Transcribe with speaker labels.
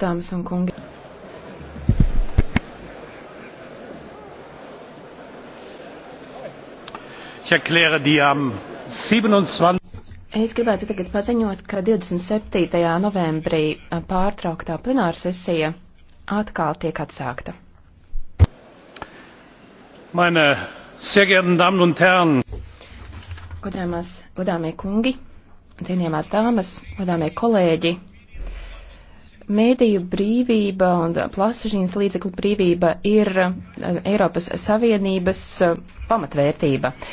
Speaker 1: dāmas un kungi.
Speaker 2: Es gribētu tagad paziņot, ka 27. novembrī pārtrauktā plenāra sesija atkal tiek atsākta.
Speaker 3: Meine sehr geehrten Damen und Herren!
Speaker 2: Godāmās, godāmie kungi, cienījamās dāmas, godāmie kolēģi! Mēdīju brīvība un plasažiņas līdzekļu brīvība ir eh, Eiropas
Speaker 4: Savienības eh, pamatvērtība.